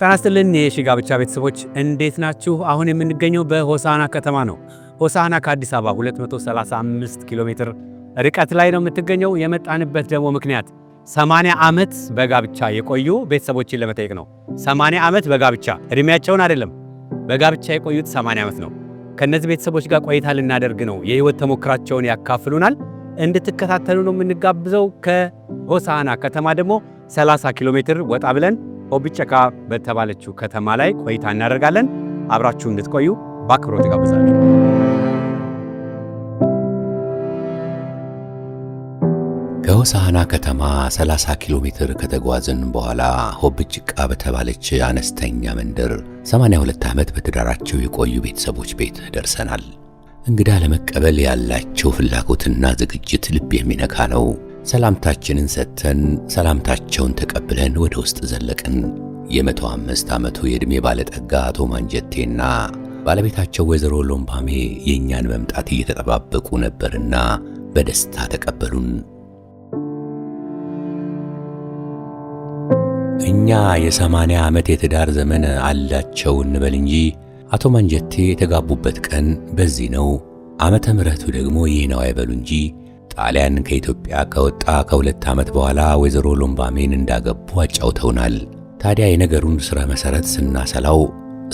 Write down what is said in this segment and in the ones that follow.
ጠናስትልን ይስጥልን የሺ ጋብቻ ቤተሰቦች እንዴት ናችሁ? አሁን የምንገኘው በሆሳና ከተማ ነው። ሆሳና ከአዲስ አበባ 235 ኪሎ ሜትር ርቀት ላይ ነው የምትገኘው። የመጣንበት ደግሞ ምክንያት 80 ዓመት በጋብቻ የቆዩ ቤተሰቦችን ለመጠየቅ ነው። 80 ዓመት በጋብቻ እድሜያቸውን አይደለም፣ በጋብቻ የቆዩት 80 ዓመት ነው። ከእነዚህ ቤተሰቦች ጋር ቆይታ ልናደርግ ነው። የህይወት ተሞክራቸውን ያካፍሉናል። እንድትከታተሉ ነው የምንጋብዘው። ከሆሳና ከተማ ደግሞ 30 ኪሎ ሜትር ወጣ ብለን ኦቢቸካ በተባለችው ከተማ ላይ ቆይታ እናደርጋለን። አብራችሁ እንድትቆዩ በአክብሮት ጋብዛለሁ። ከሆሳዕና ከተማ 30 ኪሎ ሜትር ከተጓዝን በኋላ ሆብጭቃ በተባለች አነስተኛ መንደር 82 ዓመት በትዳራቸው የቆዩ ቤተሰቦች ቤት ደርሰናል። እንግዳ ለመቀበል ያላቸው ፍላጎትና ዝግጅት ልብ የሚነካ ነው። ሰላምታችንን ሰጥተን ሰላምታቸውን ተቀብለን ወደ ውስጥ ዘለቅን። የመቶ አምስት ዓመቱ የዕድሜ ባለጠጋ አቶ ማንጀቴና ባለቤታቸው ወይዘሮ ሎምባሜ የእኛን መምጣት እየተጠባበቁ ነበርና በደስታ ተቀበሉን። እኛ የሰማንያ ዓመት የትዳር ዘመን አላቸው እንበል እንጂ አቶ ማንጀቴ የተጋቡበት ቀን በዚህ ነው፣ ዓመተ ምሕረቱ ደግሞ ይህ ነው አይበሉ እንጂ ጣሊያን ከኢትዮጵያ ከወጣ ከሁለት ዓመት በኋላ ወይዘሮ ሎምባሜን እንዳገቡ አጫውተውናል። ታዲያ የነገሩን ሥረ መሠረት ስናሰላው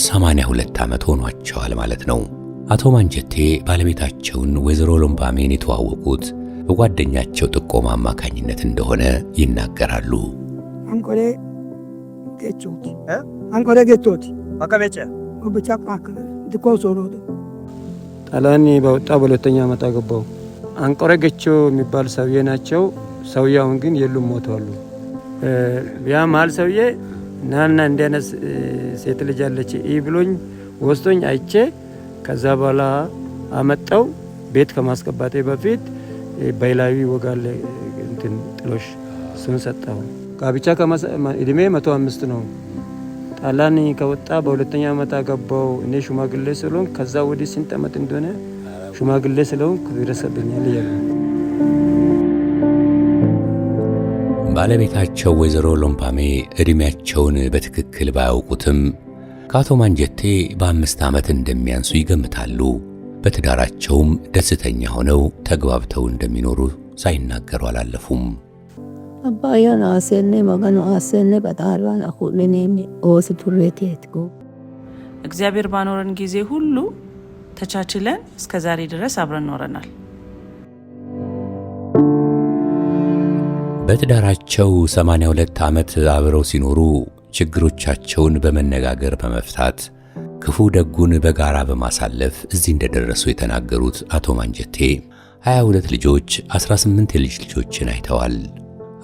82 ዓመት ሆኗቸዋል ማለት ነው። አቶ ማንጀቴ ባለቤታቸውን ወይዘሮ ሎምባሜን የተዋወቁት በጓደኛቸው ጥቆማ አማካኝነት እንደሆነ ይናገራሉ። አንቆሌ ጌቾት አንቆሌ ጌቾት አቀበጨ በወጣ በሁለተኛ ዓመት አገባው አንቆረገቸው የሚባል ሰውዬ ናቸው። ሰውዬ አሁን ግን የሉም፣ ሞተዋሉ። ያ መሀል ሰውዬ ናና እንዲያነስ ሴት ልጅ አለች ይህ ብሎኝ ወስቶኝ አይቼ ከዛ በኋላ አመጣው ቤት ከማስገባቴ በፊት በይላዊ ወጋለ እንትን ጥሎሽ እሱን ሰጠው። ጋብቻ እድሜ መቶ አምስት ነው። ጣላን ከወጣ በሁለተኛ ዓመት አገባው። እኔ ሽማግሌ ስለሆን ከዛ ወዲህ ስንት ዓመት እንደሆነ ሽማግሌ ስለሆንኩ ይደርሰብኛል እያሉ ባለቤታቸው ወይዘሮ ሎምፓሜ ዕድሜያቸውን በትክክል ባያውቁትም ከአቶ ማንጀቴ በአምስት ዓመት እንደሚያንሱ ይገምታሉ። በትዳራቸውም ደስተኛ ሆነው ተግባብተው እንደሚኖሩ ሳይናገሩ አላለፉም። አባያን አሴኔ መገኑ አሴኔ በጣልባን አሁልኔ ኦስቱሬት እግዚአብሔር ባኖረን ጊዜ ሁሉ ተቻችለን እስከ ዛሬ ድረስ አብረን ኖረናል። በትዳራቸው 82 ዓመት አብረው ሲኖሩ ችግሮቻቸውን በመነጋገር በመፍታት ክፉ ደጉን በጋራ በማሳለፍ እዚህ እንደደረሱ የተናገሩት አቶ ማንጀቴ 22 ልጆች፣ 18 የልጅ ልጆችን አይተዋል።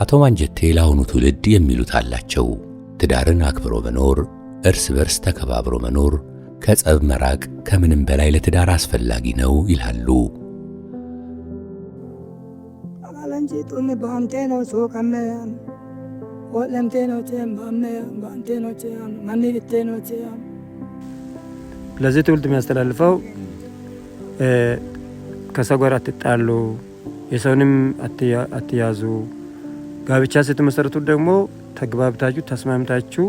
አቶ ማንጀቴ ለአሁኑ ትውልድ የሚሉት አላቸው። ትዳርን አክብሮ መኖር፣ እርስ በርስ ተከባብሮ መኖር ከጸብ መራቅ ከምንም በላይ ለትዳር አስፈላጊ ነው ይላሉ። ለዚህ ትውልድ የሚያስተላልፈው ከሰው ጋር አትጣሉ፣ የሰውንም አትያዙ። ጋብቻ ስትመሰረቱ ደግሞ ተግባብታችሁ ተስማምታችሁ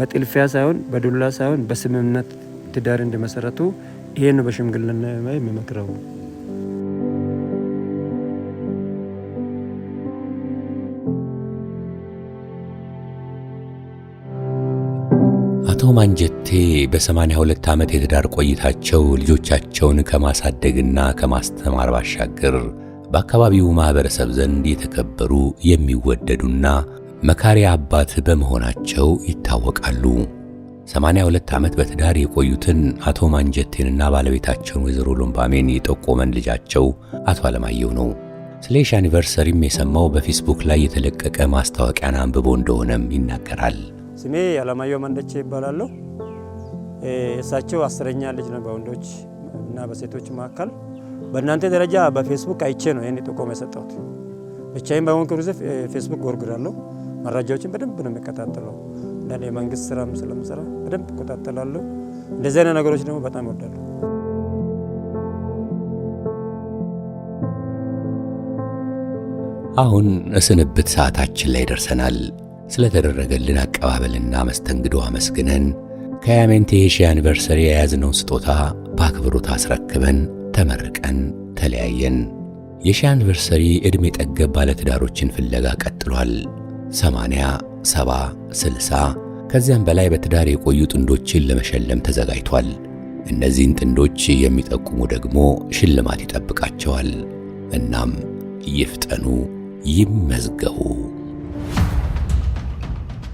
በጥልፊያ ሳይሆን በዱላ ሳይሆን በስምምነት ትዳር እንዲመሰረቱ ይሄን ነው በሽምግልና የሚመክረው። አቶ ማንጀቴ በ82 ዓመት የትዳር ቆይታቸው ልጆቻቸውን ከማሳደግና ከማስተማር ባሻገር በአካባቢው ማኅበረሰብ ዘንድ የተከበሩ የሚወደዱና መካሪ አባት በመሆናቸው ይታወቃሉ። 82 ዓመት በትዳር የቆዩትን አቶ ማንጀቴንና ባለቤታቸውን ወይዘሮ ሎምባሜን የጠቆመን ልጃቸው አቶ አለማየሁ ነው። ስለ አኒቨርሰሪም የሰማው በፌስቡክ ላይ የተለቀቀ ማስታወቂያን አንብቦ እንደሆነም ይናገራል። ስሜ አለማየሁ መንደቼ ይባላለሁ። እሳቸው አስረኛ ልጅ ነው በወንዶች እና በሴቶች መካከል። በእናንተ ደረጃ በፌስቡክ አይቼ ነው ይህን ጥቆማ የሰጠሁት። ብቻዬን በሆንኩ ጊዜ ፌስቡክ ጎርግዳለሁ፣ መረጃዎችን በደንብ ነው የሚከታተለው። አንዳንድ የመንግስት ስራም ስለምሰራ በደንብ እቆጣጠላለሁ። እንደዚህ አይነት ነገሮች ደግሞ በጣም ይወዳሉ አሁን እስንብት ሰዓታችን ላይ ደርሰናል። ስለተደረገልን አቀባበልና መስተንግዶ አመስግነን ከያሜንቴ ሺ አኒቨርሰሪ የያዝነውን ስጦታ በአክብሮት አስረክበን ተመርቀን ተለያየን። የሺ አኒቨርሰሪ ዕድሜ ጠገብ ባለትዳሮችን ፍለጋ ቀጥሏል። ሰማንያ ሰባ ስልሳ ከዚያም በላይ በትዳር የቆዩ ጥንዶችን ለመሸለም ተዘጋጅቷል። እነዚህን ጥንዶች የሚጠቁሙ ደግሞ ሽልማት ይጠብቃቸዋል። እናም ይፍጠኑ፣ ይመዝገቡ።